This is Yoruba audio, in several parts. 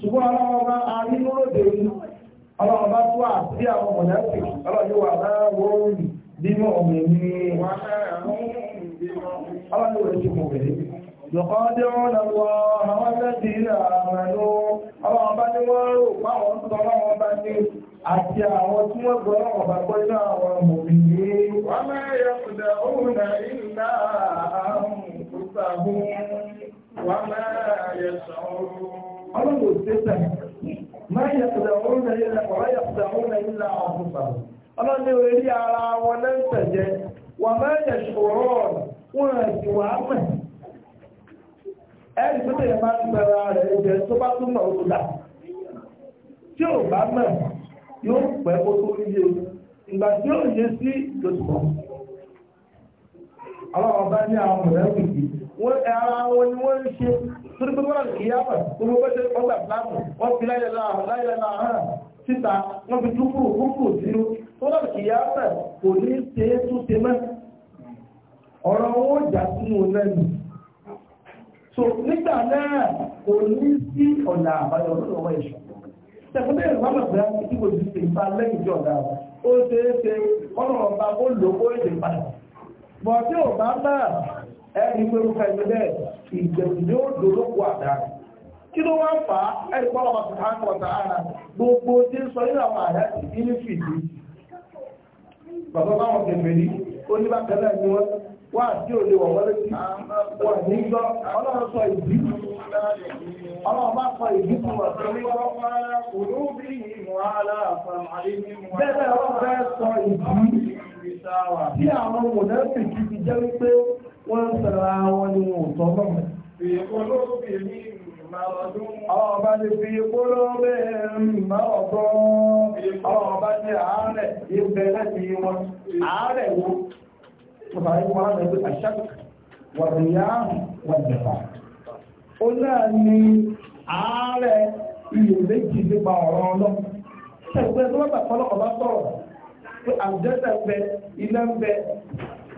ṣùgbọ́n ọlọ́wọ́ba arínúròdè ní ọlọ́wọ́ba tó àti àwọn mọ̀lẹ́sì ọlọ́yíwà láwọ́ bímọ̀ òmìnirí ọlọ́yíwà ti mọ̀ wẹ̀lé يخادعون الله والذين آمنوا ọlọ́wọ́n bá ní wọ́n rò páwọn tó ọlọ́wọ́n bá ní àti àwọn tí wọ́n gbọ́ ọlọ́wọ́n bá gbọ́ iná àwọn wọ́n mẹ́rẹ̀ ọ̀dà òun náà ìlà àrùn tó sàbùn wọ́n mẹ́rẹ̀ sọ̀rọ̀ ọlọ́run ò ṣe sẹ́yìn máa yẹ kùdà òun náà yẹlẹ kọ̀ máa yẹ kùdà òun náà yẹlẹ àwọn fúnfà ọlọ́run ní orí ara wọn náà ń tẹ̀jẹ́ wọ́n máa yẹ ṣòro wọn àti wà á mẹ́ ẹni tó tẹ̀yẹ máa ń bẹ̀rẹ̀ rẹ̀ jẹ́ tó bá tún mọ̀ òkúta tí ò bá mẹ́ yóò pẹ́ kó tó yé ìgbà tí ó yé sí lóṣùpọ̀ ọlọ́run bá ní àwọn mọ̀lẹ́kùn torí pé wọ́n kì í yáwọ̀ gbogbo bó ṣe ọgbà fúlàmù wọ́n fi láyé láàá hàn síta wọ́n fi dúkùrù kúrùkù sínú wọ́n kì í yáwọ̀ kò ní ṣe é tún ṣe mẹ́ ọ̀rọ̀ owó ìjà sínú lẹ́nu so nígbà náà kò ní sí ọ̀nà àbáyọ lọ́wọ́ ìṣọ̀ tẹ̀kọ́tẹ̀ ìrọ̀lọ́ pé a ti kí ojú ṣe ìpa lẹ́yìn jọ dáa ó ṣeé ṣe ọlọ́run ẹni pé ó fẹ́ẹ́ bẹ́ẹ̀ ìgbẹ̀rù ni ó dòdò kó àdá kí ló wọ́n fà á ẹni pọ́lọ́ bàtà á ń wọ̀tà ara gbogbo tí ń sọ nínú àwọn àyà tí ní fìdí bàbá báwọn kẹfẹ́ rí ó ní bákẹ́lẹ́ ni wọ́n wá sí òde wọ̀ wọlé sí wọn ní gbọ́ ọlọ́run sọ ìdí ọlọ́run bá sọ ìdí fún wọn sí ní wọ́n bẹ́ẹ̀ bẹ́ẹ̀ wọ́n fẹ́ sọ ìdí tí àwọn mọ̀lẹ́sì ti jẹ́ wípé wọ́n ń sara wọn ni wọn ò tọ́ lọ́mọ. Ọba ti fi polówó mọ́ ọ̀tọ́. Ọba ti àárẹ̀ ibẹ̀ láti wọn. Àárẹ̀ wo? Bàbá yìí wọ́n á lọ sí àṣàkù, wàdìyà, wàdìyà. Ó náà ní àárẹ̀ iyèméjì nípa ọ̀rọ̀ ọlọ́. Ṣẹ̀gbẹ́ tó bá bàtọ́ lọ́kọ̀ bá sọ̀rọ̀ pé àjẹ́sẹ̀ ń bẹ, iná ń bẹ,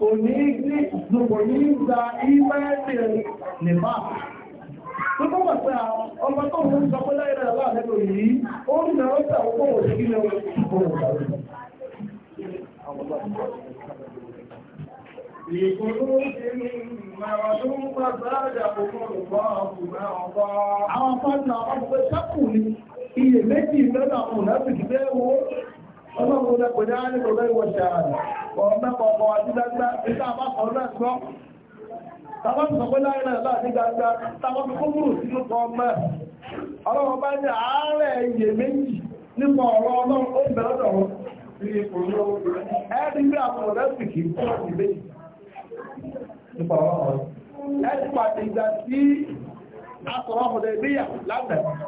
kò ní ní ìgbòkò ní ìgbà ìmẹ́rin lè máa. Lọ́pọ̀ pàtà ọmọ tó ń sọ pé láìrẹ̀ aláàrẹ́lò yìí, ó ń nà ó tà ọkọ̀ òṣìlẹ̀ Àwọn fásitì àwọn ọmọ pẹ́ sákùn ní iye méjì lọ́nà àwọn òlàbìdì bẹ́ẹ̀ wo ọlọ́run ló pè ní àárín lọ́lọ́ ìwọ̀ṣẹ̀ ààrẹ ọ̀rọ̀ mẹ́kọ̀ ọkọ̀ àti gbangba ìta àbákọ̀ náà gbọ́ tàbá ti sọ pé láyé náà láti gbangba tàbá fi kúrò sínú kan mẹ́ ọlọ́run bá ní àárẹ̀ iye méjì nípa ọ̀rọ̀ ọlọ́run ó bẹ̀rẹ̀ dọ̀rọ̀ ẹni bí àwọn ọ̀rẹ́ sì kì í kúrò nílé nípa ọ̀rọ̀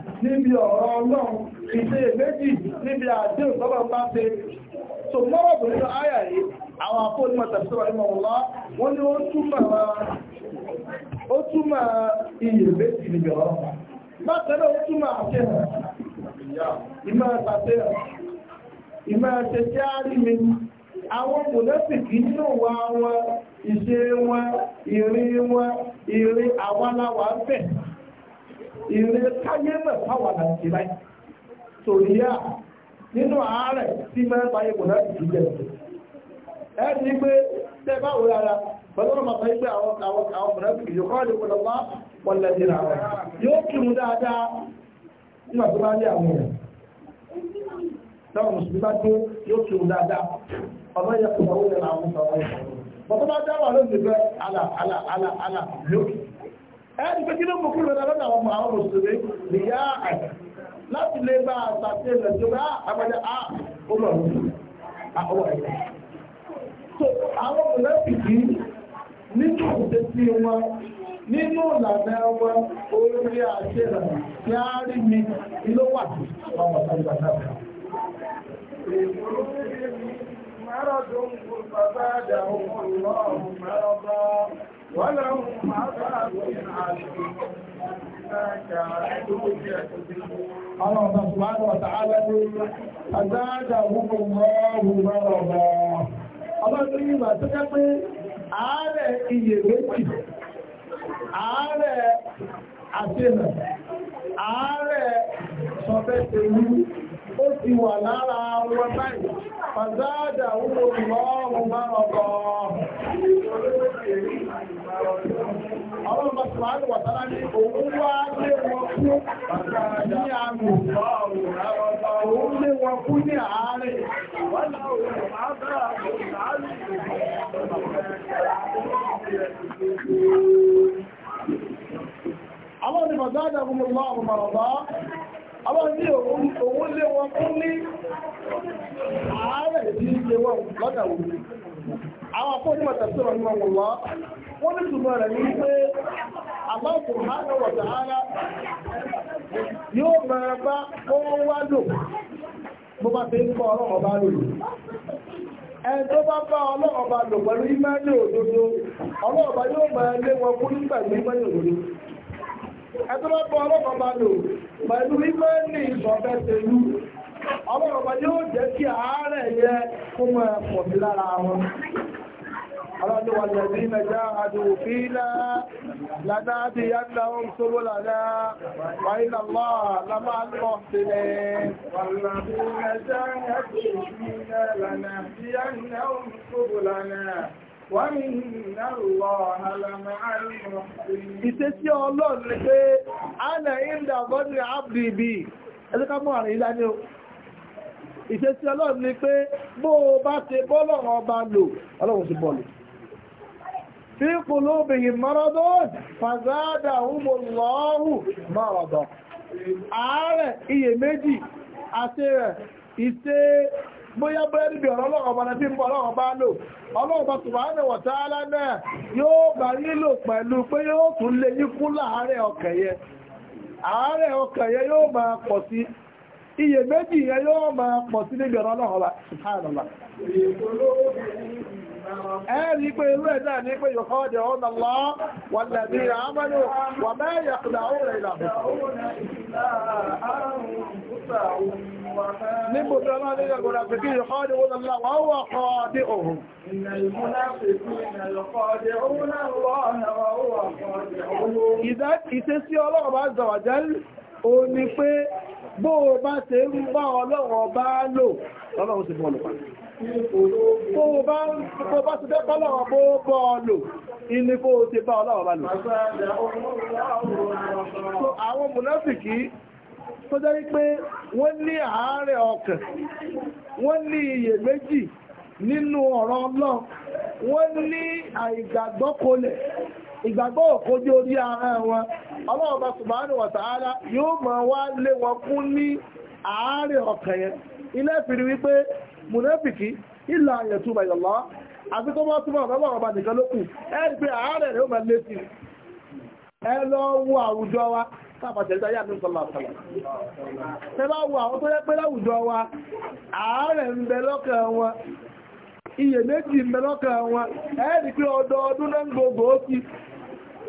níbi ọ̀rọ̀ ọlọ́run ìṣe méjì níbi àdé ìtọ́lọ̀ bá ṣe so mọ́rọ̀ nínú àyà yìí àwọn wọ́n ní ó túmọ̀ iyèméjì níbi ọ̀rọ̀ wọn ìrìn káyé náà táwọn náà ti láì torí à nínú àárẹ̀ tí mẹ́rin báyé kò láti jù jẹ́ ẹni pé tẹ́ bá wò rárá pẹ̀lú ọmọ pẹ̀lú pé àwọn àwọn àwọn mọ̀lẹ́bí yóò kọ́ lè wọlé wá wọlé ní àwọn yóò kí mu dáadáa nígbà tó bá ní àwọn èèyàn táwọn mùsùlùmí bá dé yóò kí mu dáadáa ọmọ yẹ kò náwó lè ra àwọn sọ̀rọ̀ yìí bọ́tọ́ bá dáwà lóṣù ẹni pé kí ló mú kí lọ́dà lọ́dà àwọn àwọn mùsùlùmí nìyá àgbà láti lè bá àtàkùn rẹ̀ tó bá so àwọn mùlẹ́pìtì nínú ìdẹ́sí wọn nínú ìlànà wọn orí àṣẹ rẹ̀ rí mi ló wà ọmọ ìgbà náà. ولهم عذاب عليم Àwọn ọ̀sán ṣùgbọ́n ọ̀tà aláwọ̀ àdáàdà gbogbo mọ́rùn mọ́rọ̀bọ̀. Ọlọ́dún ní ìgbà tó jẹ́ pé ààrẹ iyèméjì, ààrẹ àṣẹ́nà, ààrẹ sọ̀fẹ́sẹ̀lú, ó ti wà lára wọn báyìí. Fàdáàdà gbogbo mọ́rùn mọ́rọ̀bọ̀. Subhanahu wa ta'ala ní òun wá lé wọn ọmọ ní òun lé wọn fún ní wọn àwọn akọ́jú mọ̀tà sí ọ̀rọ̀ nínú ọ̀wọ̀ wọ́n ní ṣùgbọ́n rẹ̀ ní pé yóò bá wá lò bó bá ń kọ́ lò ẹni tó bá bá lò pẹ̀lú ìmẹ́lẹ̀ òdodo yóò lé wọn kú nígbà bá ọlọ́dún wà lè rí mẹ́já àdúfíìlá látàbí yàtà ń sọ́rọ̀ lànà wáyìnà máa lámà lọ sílẹ̀ Ìṣẹ́ tí ọlọ́run ni pé, a nà ìdà bọ́dì àbdì mọ́ àrìn ìlànà Ìṣẹ́ tí ọlọ́run ni pé, bó bá ti bọ́lọ̀ ọba lò, ọlọ́run ti bọ́lù. في قلوبهم مرض فزادهم الله مرضا ààrẹ iyèméjì àti rẹ̀ bóyá bóyá níbi ọ̀rọ̀ ọlọ́ọ̀bá ní bímbọ̀ ọba lò ọlọ́ọ̀bá subhanahu wa ta'ala náà yóò bá nílò pẹ̀lú pé yóò tún lè yí kú láàárẹ̀ ọkàn àárẹ̀ yóò máa pọ̀ sí yẹn ẹ̀rí pé irú ẹ̀ náà ní pé yòkọ́dẹ̀ ọ̀nà lọ wọ̀lẹ̀ ní àmàlò wà mẹ́yẹ̀ kùdà ó rẹ̀ ìlànà níbo tí ọlọ́run ní ẹgbẹ̀rẹ̀ pẹ̀kí yòkọ́dẹ̀ ọ̀nà lọ wà ó bá lò ọlọ́run ti bọ́ ọlọ́pàá Bó bá ti bẹ́ bọ́láwà bó bọ́ lò, inú kó ti bá ọláwà bá lò. So àwọn mùnáfìkì tó jẹ́ wípé wọ́n ní àárẹ̀ ọkàn, wọ́n ní iyèméjì nínú ọ̀rọ̀ Ọlọ́run, wọ́n ní àìgbàgbọ́ kolẹ̀, ìgbàgbọ́ òkójú orí ara wọn. Ọlọ́run bá Subhanahu wa Ta'ala yóò máa wá lé wọn kún ní àárẹ̀ ọkàn yẹn. Ilé ìfìrí wípé mùnẹ́fìkì ìlà àyẹ̀túbà ìlọ́lá àti tó bá túnmọ̀ ọ̀rọ̀ ọ̀rọ̀ nìkan ló kù ẹ́rì pé ààrẹ rẹ̀ ó máa lé sí ẹ lọ wo àwùjọ wa yà ní sọ́lá bá wo àwọn tó yẹ pé láwùjọ wa ààrẹ ń bẹ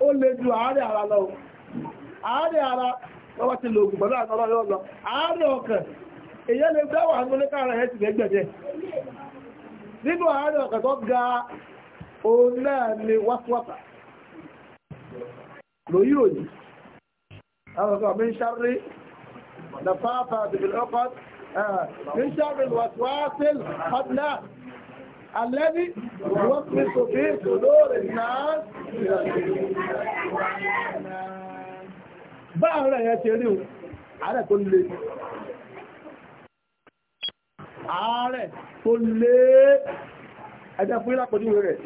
ó lè ju àárẹ̀ ara lọ àárẹ̀ ara lọ́wọ́ ti lò ògùnbọ̀n láàrín ọlọ́rọ̀ lọ àárẹ̀ ọkàn èyẹ lè dáwà nílé káàrẹ̀ ẹ̀ sì lẹ́gbẹ̀ẹ́ nínú àárẹ̀ ọkàn tó ga òun náà ni wáṣíwáṣà lòyí òyí àwọn ọkọ̀ mi ń ṣáré lọ́fàáfà àdìbìlẹ̀ ọkọ̀ bá àwọn ẹ̀yà ṣe rí o ààrẹ tó lé ààrẹ tó lé ẹjẹ́ fún ìlàpọ̀jú rẹ̀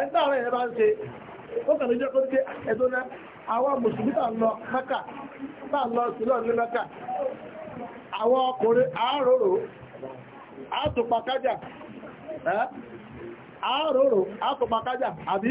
ẹgbẹ́ àwọn ẹ̀yà bá ń ṣe ó kàrí jẹ́ kó tí ẹ̀tọ́ náà àwọn mùsùlùmí tà lọ mẹ́kà tà lọ ní mẹ́kà àwọn ọkùnrin àtùpàkájà àtùpàkájà àbí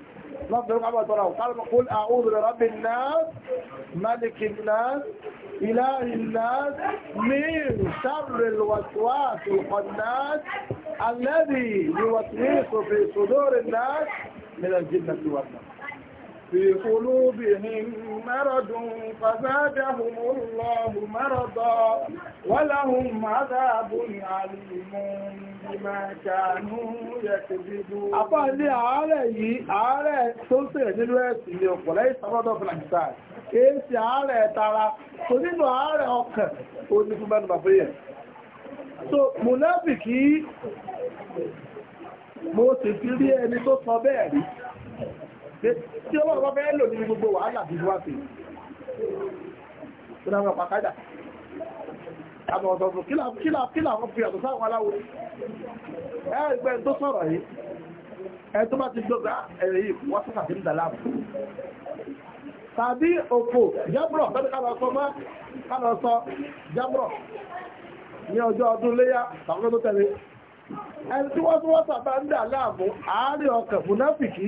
لفظ يوم عبد الله قال قل أعوذ برب الناس ملك الناس إله الناس من شر الوسواس الخناس الذي يوسوس في صدور الناس من الجنة والناس في قلوبهم مرض فزادهم الله مرضا ولهم عذاب عليم بما كانوا يكذبون أبا علي عالي عالي سلسل نلوث وليس مرضا في الأجساد kéèsì ààrẹ tara tó nínú ààrẹ ọkàn ó ní fún mẹ́nu bàbá so mùnáfìkì mo sì fi rí tí ọlọ́rọ̀ bẹ́ẹ̀ lò ní gbogbo wàhálà bí wá sí ìrìnà àwọn pàkádà àwọn ọ̀sọ̀rọ̀ kí làwọn fi àtọ̀ sáwọn aláwo ẹgbẹ́ tó sọ̀rọ̀ yìí ẹ tó bá ti gbọ́gbà ah, ẹ̀rẹ̀ yìí wọ́n sọ́sà sí ìdàlámù tàbí òpó jábùrọ̀ tàbí kálọ̀sọ jábùrọ̀ ní ọjọ́ ọdún léyá tàbí tó tẹ̀lé ẹni tí wọ́n tún wọ́n sàbá ń dà láàmú àárín ọkàn fúnáfìkì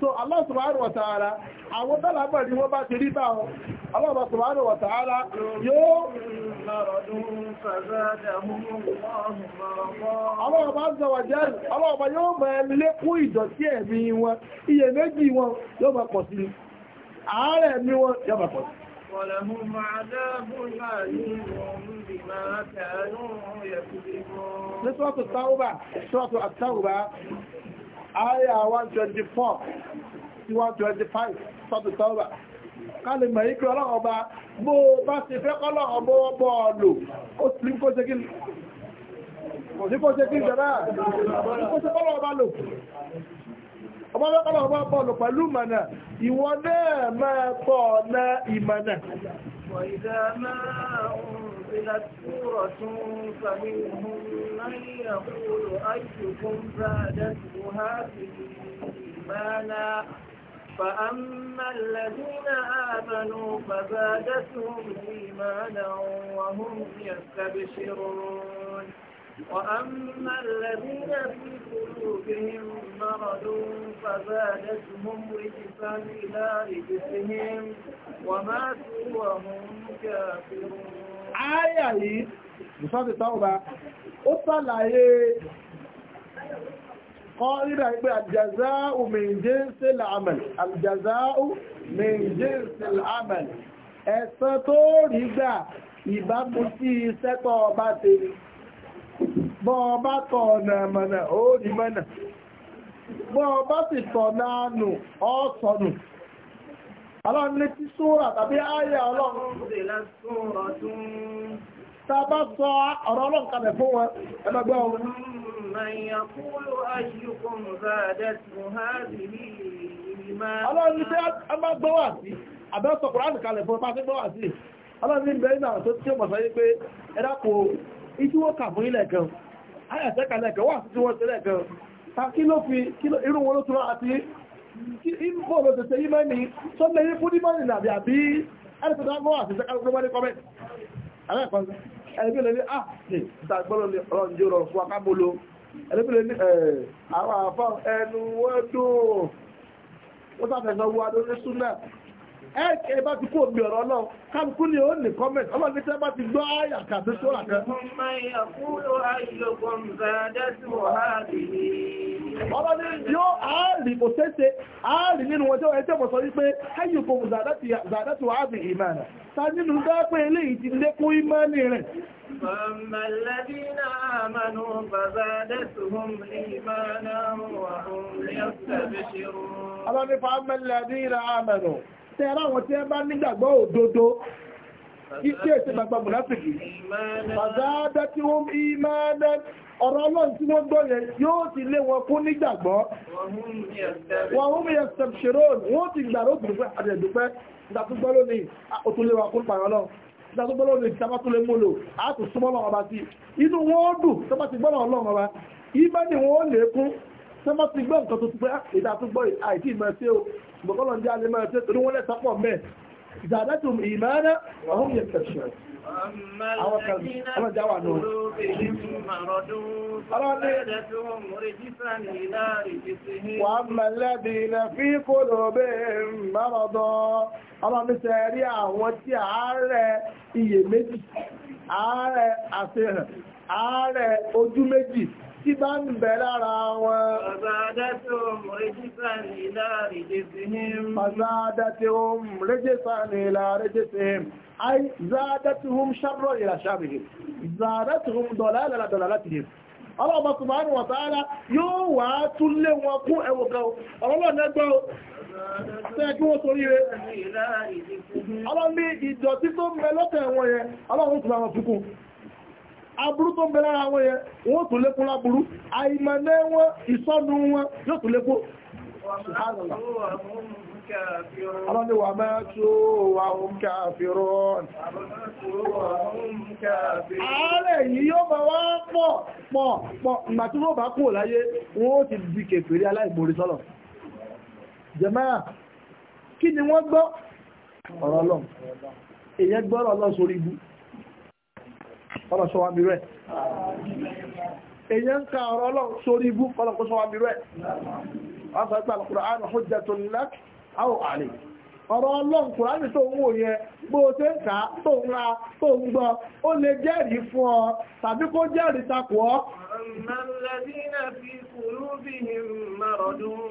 so Allah subhanahu ta'ala àwọn tálàbà ní wọ́n bá ti rí bá wọn Allah subhanahu ta'ala yóò Allah azza wa jalla Allah yóò mọ̀ ẹ̀lékún ìdọ̀tí ẹ̀mí wọn iye méjì wọn yóò mọ̀ pọ̀ sí ààrẹ ẹ̀mí wọn yóò mọ̀ pọ̀ sí ولهم عذاب àyà 124 125 sọ́tù tọ́wà kálẹ̀ mọ̀ ikú ọlọ́run ọba bó bá ti fẹ́ kọ́lọ̀ ọbọ̀ ọbọ̀ ọ̀lò ó sì kó kó ṣe kí ìjọba نزلت سورة فمنهم من يقول أيكم زادته هذه إيمانا فأما الذين آمنوا فزادتهم إيمانا وهم يستبشرون وأما الذين في قلوبهم مرض فزادتهم رجسا إلى رجسهم وماتوا وهم كافرون ááyà yìí ìṣọ́tì tọ́ọ̀bá ó sàlàyé kọ́ ríra ìgbé àjàzá òmìnjẹ́ sí l'amẹ̀l àjàzá òmìnjẹ́ sí l'amẹ̀l ẹ̀san tó rí gbà ìbámu sí iṣẹ́ tọ́ ọba ti bọ́ ọba tọ̀ ọ̀nà mọ̀nà ó rí Ọlọ́run ní tí súrà tàbí ayà ọlọ́run. Tàbá sọ ọ̀rọ̀ ọlọ́run kalẹ̀ fún wọn, ẹlọ́gbẹ́ ọmọ. Ọlọ́run ní tí a máa gbọ́wà sí, àbẹ́sọ̀ Kùránì kalẹ̀ fún ọmọ gbọ́wà sí. Ọlọ́run ní bẹ̀rẹ̀ náà tó tí ó mọ̀ sáyé pé ẹ̀dàpò ìjúwọ́ kà fún ilẹ̀ kan, sí bóòlù tẹ̀sẹ̀ yí mẹ́ni tó lè yí fún ní mọ́rin àbí àbí ẹ̀rẹ́sọ̀dá gbọ́ àti ìṣẹ́kà gbogbo ní kọ́mẹ́ alẹ́kọ̀ọ́sẹ̀ ẹ̀rẹ́bílẹ̀ ní ah ní ìtàgbọ́lọ́ ní ọ̀rọ̀ ìjọ rọ̀ fún akábolo ẹ̀rẹ́bílẹ̀ e ní eh, àwọn àfọ́ ẹnu wọ́dún wọ́n sáfẹ́sọ wọ adó ní súnà ẹ̀ẹ́kẹ́ bá ti kó omi ọ̀rọ̀ náà káàkú ni ó ní ọ̀rọ̀ ni yóò ààrì kò tẹ́sẹ̀ ààrì nínú wọn tí ó ẹjẹ́ mọ̀ sọ wípé ẹ̀yùkùn zàdátù ààbì ìmànà ta nínú dápẹ́ ilé ìtì lékún ìmánì rẹ̀ فأما الذين آمنوا فزادتهم إيمانا وهم يستبشرون iṣẹ́ ẹ̀ṣẹ́ gbàgbà mùnáfìkì fàzádá tí wọ́n bí máadá ọ̀rọ̀ ọlọ́run tí wọ́n gbọ́ yẹn yóò ti lé wọn kún nígbàgbọ́ wọ́n mú yẹ sẹ̀ṣẹ̀rọ̀ wọ́n ti gbàrà ó dùn fún àdẹ̀dùpẹ́ ìdàtúgbọ́ lónìí ó tún lé wa kún pàrọ̀ náà ìdàtúgbọ́ lónìí ìjàmbá tún lè mú lò á tún súnmọ́ lọ́wọ́ bá sí inú wọn ó dùn tó bá ti gbọ́ lọ́wọ́ lọ́wọ́ bá ibẹ̀ ni wọ́n ó lékún tó bá ti gbọ́ nǹkan tó ti pẹ́ ah, ìdàtúgbọ́ àìtí ìmọ̀ ẹ̀ṣẹ́ o ìgbọ̀kọ́lọ́ زادتهم إيمانا وهم يستبشرون أما الذين في قلوبهم مرض فزادتهم رجسا إلى رجسهم وأما الذين في قلوبهم مرض ọlọ́run ní sẹ́rí àwọn tí ààrẹ iyèméjì ààrẹ àṣehàn ààrẹ tí bá ń bẹ lára wọn. Fàzádátí ohun rẹ́jẹ́sà ní ilá rẹ́jẹ́sìn. Ay, zádátí ohun ṣarọ̀ ìlà ṣàbìhì, zádátí ohun dọ̀lálàlá dọ̀lálátìhì. Ọlọ́ọ̀bá Subhanahu wa ta'ala yóò wà tún lé wọn kún ẹwọ̀gán ọlọ́lọ́nẹ́gbọ́ tẹ́ kí wọ́n torí rẹ̀. Ọlọ́mí ìdọ̀tí tó mẹ́ lọ́tẹ̀ yẹn, ọlọ́run tún aburú tó ń bẹ lára wọn yẹn wọ́n tún lékún láburú àìmọ̀lẹ́ wọn ìsọ́nù wọn yóò tún lékún Àwọn ni wà máa tó wà ń káàfirò ààrẹ yìí yóò bá wá pọ̀ pọ̀ pọ̀ ìgbà tí wọ́n bá kúrò láyé wọ́n ti di kèfèrí aláìgbòrí sọ́lọ̀. Jẹ̀máà, kí ni wọ́n gbọ́? Ọ̀rọ̀ Ọlọ́run kọ́lọ̀ sọ wá mi rẹ̀ èyàn ka ọ̀rọ̀ lọ sórí ibú kọ́lọ̀ kó sọ wá mi rẹ̀ wọ́n sọ quran hujjatun lak aw alayk ọ̀rọ̀ ọlọ́run kùránì tó ń wò yẹn bó o ṣe ń kà á tó ń ra tó ń gbọ́ ó lè jẹ́rìí fún ọ tàbí kó jẹ́rìí takò ọ́. Màlẹ́dínà fi kùrú bí i mọ̀rọ̀dún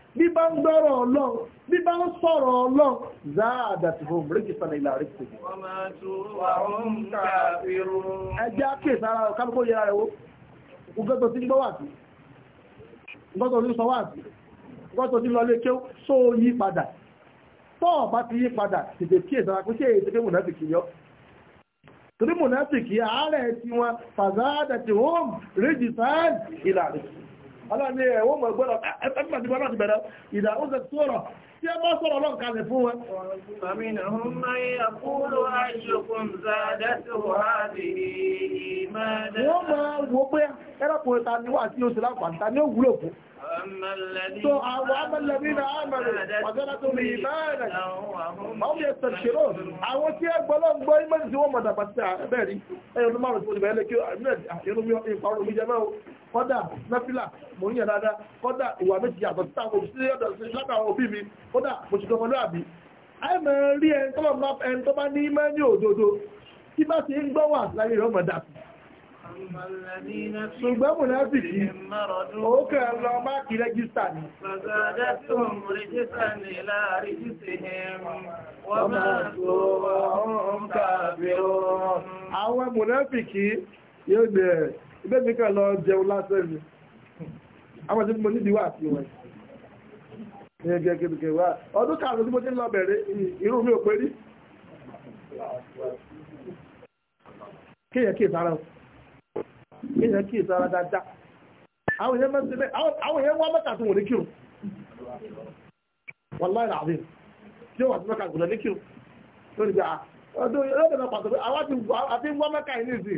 bí bá ń gbọ́rọ̀ ọlọ́run bí bá ń sọ̀rọ̀ ọlọ́run záàdà ti fún ríkì sọ̀rọ̀ ìlà rí pè. ẹjẹ́ ákè sára kálùkò yẹra rẹ̀ wó gbogbo tí ń gbọ́ wà sí gbọ́tọ̀ ní sọ wà sí gbọ́tọ̀ ní lọ lé kéw só yí padà tọ́ ọ̀bá ti yí padà tètè kí ọlọ́ni ẹ̀wọ́n mọ̀ gbọ́dọ̀ ẹgbẹ́gbẹ́ láti bẹ̀rẹ̀ ìdá ó sẹ̀tú ọ̀rọ̀ tí ẹ bá sọ̀rọ̀ ọlọ́n kalẹ̀ fún wọn. wọ́n máa wò pé ẹlọ́pùn ta ni wà tí ó sì láǹfààní ta ni ó wúlò fún. So àwọn amẹ́lẹ̀mínà àmàrẹ̀ pàtàkì tó lè bẹ́ẹ̀rẹ̀. Àwọn yẹ sẹ̀ṣẹ̀rọ̀, àwọn tí ẹ gbọ́lọ́ gbọ́ ìmọ̀ tí wọ́n mọ̀ dàgbàtà bẹ́ẹ̀ rí, ẹ̀yọ̀ tó márùn-ún tó lè bẹ́ẹ̀ lé kí kọ́dà mẹ́fílà mo ń yẹ̀ dáadáa kọ́dà ìwà méjì àtọ̀ títà mo sí ọ̀dọ̀ sí látàwọn òbí mi kọ́dà mo ti dọmọdé àbí. àìmọ̀ rí ẹni tó bá ní òdodo bá ti ń gbọ́ wà láyé rẹ̀ ṣùgbọ́n mò kí rẹ́gísítà ni ilé mi kàn lọ jẹun lásán ni àwọn tí mo nídìí wà sí wọn ní ẹgbẹ́ kébìkẹ́ wà ọdún kààrùn tí mo ti ń lọ bẹ̀rẹ̀ irú mi ò pé rí kéèyàn dáadáa àwọn èèyàn mẹ́ta tó ní kírun wọ́n láì ràbí tí ó wà sí mẹ́ta gùn ní kírun lórí bí i ọdún yóò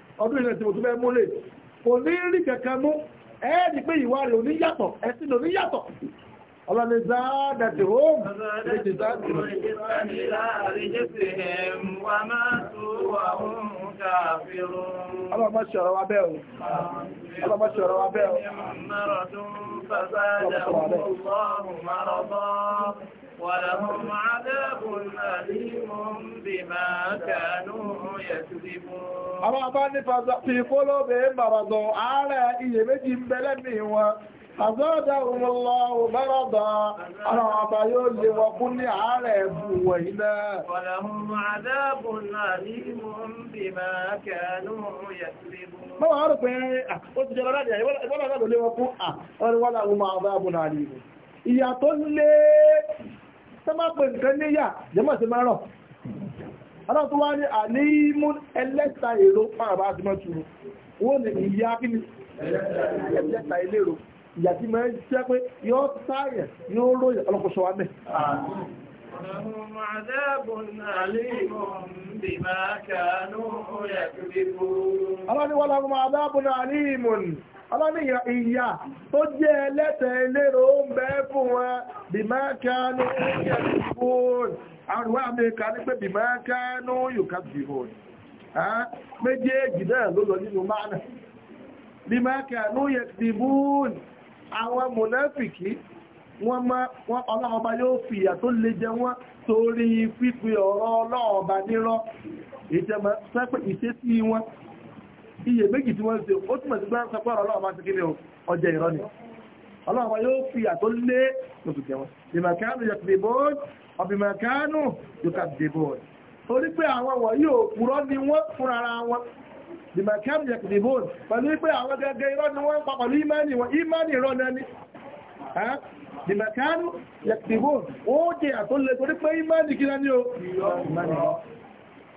ọdún ilẹ̀ tí mo tún kò ní rí kẹ̀kẹ́ mú ẹ́ẹ̀dì pé ìwà rẹ̀ oníyàtọ̀ ẹ̀sìn oníyàtọ̀ ọlọ́ni záàdà ولهم عذاب أليم بما كانوا يكذبون àwọn àbá nípa fi kóló bèé bàrọ̀dọ̀ ààrẹ iyèméjì ń bẹ̀lẹ̀ mi wọn àzọ́dá òmùlọ òbárọ̀dọ̀ àwọn àbá yóò lè wọ́n kún ní ààrẹ ẹ̀bù wọ̀nyí náà ولهم عذاب أليم بما كانوا يكذبون mọ́wàá rọ̀ pé ó tó máa pè nǹkan níyà jẹ́mọ̀ sí máa rọ̀ aláwọ̀ tó wá ní àlímú ẹlẹ́ta èrò pàbá àti mọ́ túrú wọ́n ní ìyá kí ni ẹlẹ́ta ilérò ìyà tí máa jẹ́ pé yóò sáyẹ̀ yóò róyẹ̀ ọlọ́kọ̀ṣọ́ wa mẹ́ Àwọn ni ọlọ́nìyàn ìyà tó jẹ́ ẹlẹ́tẹ̀ elérò ń bẹ fún wọn bìmákánú yẹ̀kùn àrùwá amẹ́ríkà ní pé bìmákánú yùkàbìhùn méjèèjì náà ló lọ nínú máàna bìmákánú yẹ̀kùn àwọn mùnáfìkì wọ́n má wọ́n ọlọ́ọba yóò fìyà tó lè jẹ wọ́n torí iye méjì tí wọ́n ṣe ó túnmọ̀ sí gbáǹsọ pé ọ̀rọ̀ ọlọ́ọ̀bá ti kílẹ̀ ọjọ́ ìrọ́ ni ọlọ́ọ̀bá yóò fi àtó lé lóṣù tẹ̀wọ̀n ìmọ̀kánù yóò kàdé bóòd ọ̀bìmọ̀kánù yóò kàdé bóòd torí pé àwọn wọ̀ yóò purọ́ ni wọ́n fúnra ara ni wọ́n pa pẹ̀lú ìmánì wọn ìmánì irọ́ nani ìmọ̀kánù yóò kàdé bóòd ó jẹ àtó lé torí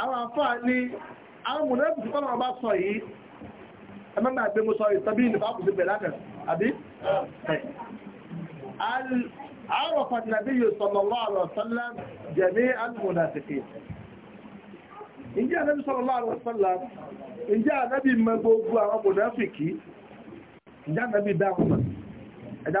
àwọn àfáà ní àwọn mùnẹ́bùsù tọ́nà ọba sọ yìí ẹmẹ́gbà gbé mo sọ ìtàbí ìnìfàkù sí pẹ̀lákẹ̀ àbí àárọ̀fà nàbí yóò sọ̀lọ̀lọ́ àrọ̀sọ́lá jẹ̀mí alìmọ̀nàtìkì ǹjẹ́ ànábì sọ̀lọ̀lọ́ àrọ̀sọ́lá ǹjẹ́ ànábì mọ gbogbo àwọn mùnàfìkì ǹjẹ́ ànábì dáhùnmọ̀ ẹ̀dá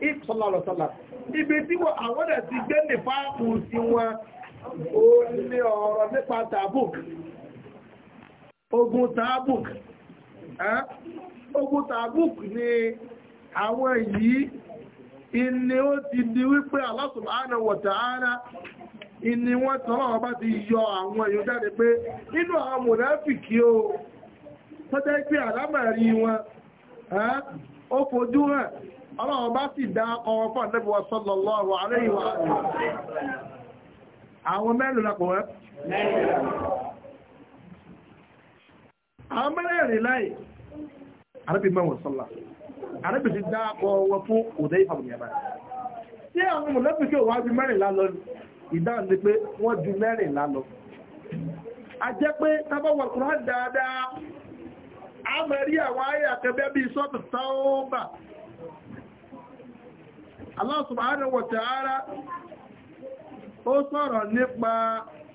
ìsọ̀lọ̀sọ̀lọ̀ ibi tí àwọn ẹ̀ ti gbé ní fáàkù sí wọn ó ní ọ̀rọ̀ nípa tàbùk ogun tàbùk ogun tàbùk ni àwọn yìí ìní ó ti di wípé Allah subhanahu wa ta'ala ìní wọ́n tọ́lọ́ ọba ti yọ àwọn èèyàn jáde pé nínú àwọn mùnáfìkì o ó fojú ọlọ́run bá sì dá ọwọ́ fún àdẹ́bùwà sallallahu alaihi wa àwọn mẹ́rin lápọ̀ ẹ́ àwọn mẹ́rin láì àrẹ́bì mẹ́wọ̀n sọ́lá àrẹ́bì ti dá ọwọ́ fún òdẹ́ ìfàmìyàbá tí àwọn mọ̀lẹ́bì kí òwá ju mẹ́rin lálọ ìdáhùn ni pé wọ́n ju mẹ́rin lálọ a mẹ́rí àwọn ayé àtẹ́bẹ́ bíi sọ́tù táwọn الله سبحانه وتعالى أصر Allah subhanahu wa ta'ala ó sọ́rọ̀ nípa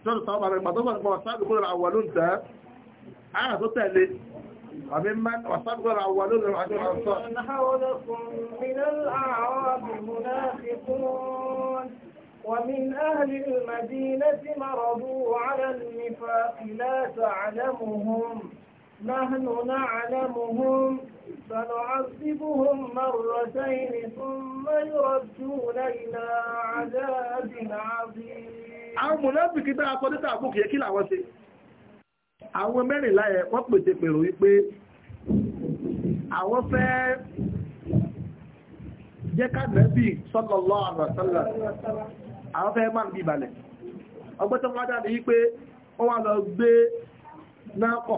tọ́lọ̀tọ́ ومن وصدق الأولون العجل الأنصار من حولكم من الأعراب المنافقون ومن أهل المدينة مرضوا على النفاق لا تعلمهم نحن نعلمهم فنعذبهم مرتين ثم يردون إلى عذاب عظيم àwọn mùnáfìkì dáa kọ́ dítà àkókò yẹ àwọn mẹ́rìnlá ẹ̀ wọ́n pèsè pèrò wípé àwọn fẹ́ jẹ́ kàgbẹ́bì sallallahu alaihi àwọn fẹ́ máa bí balẹ̀ ní wípé lọ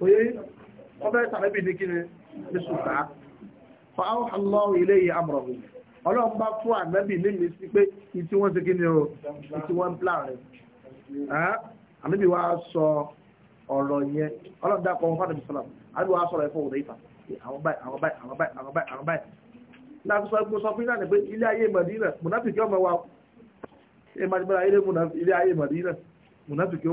pé wọ́n fẹ́ sàrẹ́bì ní kíni ní ṣùgbà fa áwọ̀ aláwọ̀ ilé yìí amọ̀rọ̀gùn ọlọ́run bá fún ànábì nílé sí pé ìtí wọ́n ti kíni o ìtí wọ́n pla rẹ̀ ànábì wa sọ ọ̀rọ̀ yẹn ọlọ́run dákọ̀ wọn fàdàbí sọlá ànábì wa sọ̀rọ̀ ẹ̀fọ́ òdòdó ìfà àwọn báyìí àwọn báyìí àwọn báyìí àwọn báyìí àwọn báyìí láti sọ pé sọ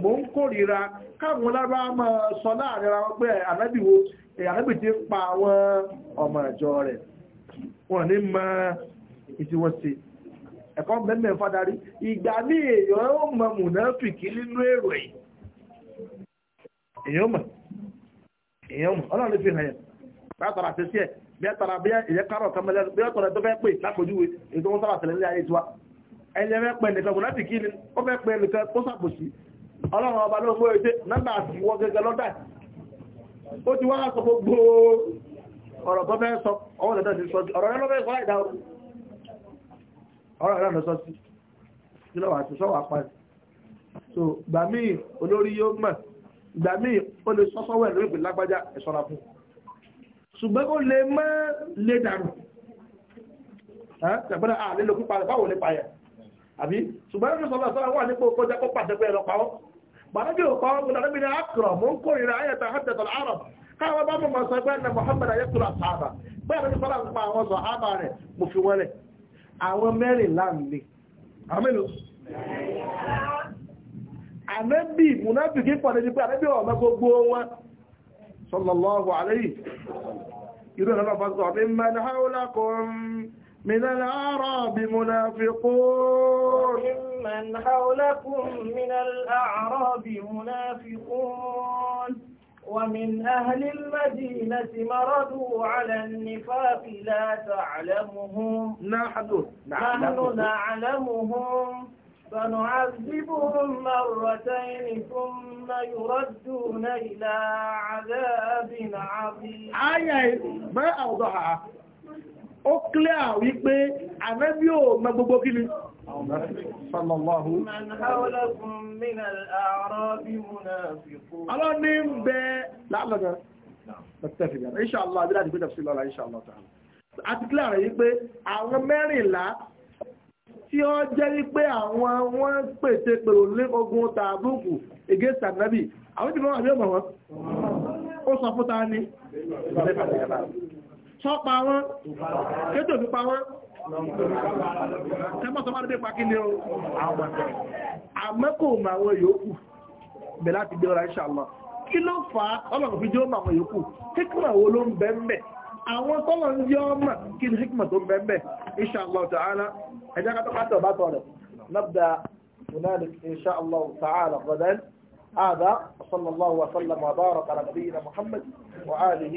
mo ń kórìíra káwọn lára máa sọ láàrin àwọn pé ànábìwo eh, ànábì ti pa àwọn ọmọ ìjọ rẹ̀ wọ́n ní mọ ìtiwọ́sí ẹ̀kọ́ mẹ́mẹ́ fádarí ìgbà ní èèyàn ó mọ mùnáfìkì nínú èrò ẹ̀ èèyàn mọ̀ èèyàn mọ̀ ọlọ́run fi hàn yẹn látara àti sí ẹ̀ bí ẹ tara bí ẹ̀yẹ kárọ̀ kan mẹ́lẹ́ bí ọ̀tọ̀ rẹ̀ tó fẹ́ pè lápòjúwe èyí tó ń sábà tẹ̀lé ní ayé tiwa ẹ̀yẹ fẹ́ pẹ́ nìkan mùnáfìkì ni ó fẹ́ pẹ́ nìkan kó sàbòsí ọlọ́run ọba ló gbóyé nọ́mbà ti wọ́n gẹ́gẹ́ lọ́dà ó ti wá sọ gbogbo ọ̀rọ̀ tó fẹ́ sọ ọwọ́ lẹ́dọ̀ ti sọ ọ̀rọ̀ rẹ̀ ló fẹ́ sọ ìdá ọ̀rọ̀ rẹ̀ lọ sọ sí kí lọ́wọ́ àti sọ́wọ́ apá so gbà míì olórí yóò mọ̀ gbà míì ó lè sọ́sọ́wọ́ ẹ̀ lórí ìpè lágbájá ẹ̀ṣọ́ra fún ṣùgbọ́n ó lè mọ́ lè dàrú ṣàgbọ́n àlélòkú pa rẹ̀ báwo lè pa yẹ̀ àbí ṣùgbọ́n ó lè sọ́lọ́ sọ́lọ́ wà nípò kọjá kó pàṣẹ pé ẹ̀rọ pa ọ́ bàbábí ò pàwọn gbọdọ̀ lóbi ní akọ̀rọ̀ mọ́ ń kórìíra ayẹta hajjatul arab káwọn bá mọ̀ mọ̀ sọ pé ẹnna ni sọ ábà na mo fi wọlé àwọn mẹ́rin láàmì àmìlú àmẹ́bí múnábìkí pọ̀ níbi pé àmẹ́bí من حولكم من الأعراب منافقون ومن أهل المدينة مرضوا على النفاق لا تعلمهم نحن نحن نعلمهم فنعذبهم مرتين ثم يردون إلى عذاب عظيم آية ما أوضحها أقلع ويقبي أنا pé ما Sallallahu. Ọlọ́ ní ń bẹ láàlọ́gọ́. Mọ̀tẹ́fìgà. Inṣàlá, àbílá ti gbé tẹ̀sí lọ́la, inṣàlá ta'ala. Àti kílẹ̀ rẹ̀ yìí pé àwọn mẹ́rìnlá tí ó jẹ́ wípé àwọn wọ́n pèsè pèrò lé ogun tàbùkù against ta ni? Sọ́pa wọn. Kétò fi pa wọn. Ẹmọ́ sọ máa dé pàkí ní àwọn àmẹ́kò màwọn yòókù bẹ̀ láti gbé ọ̀rọ̀ ìṣàlọ́. Kí ló fà á ọlọ́run fi jẹ́ ó màwọn yòókù? Hikma wo ló ń bẹ mẹ́? Àwọn tọ́lọ̀ ń jẹ́ ọmọ kí ni hikma tó ń إن شاء الله تعالى غدا هذا صلى الله وسلم وبارك على نبينا محمد وآله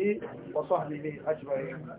وصحبه أجمعين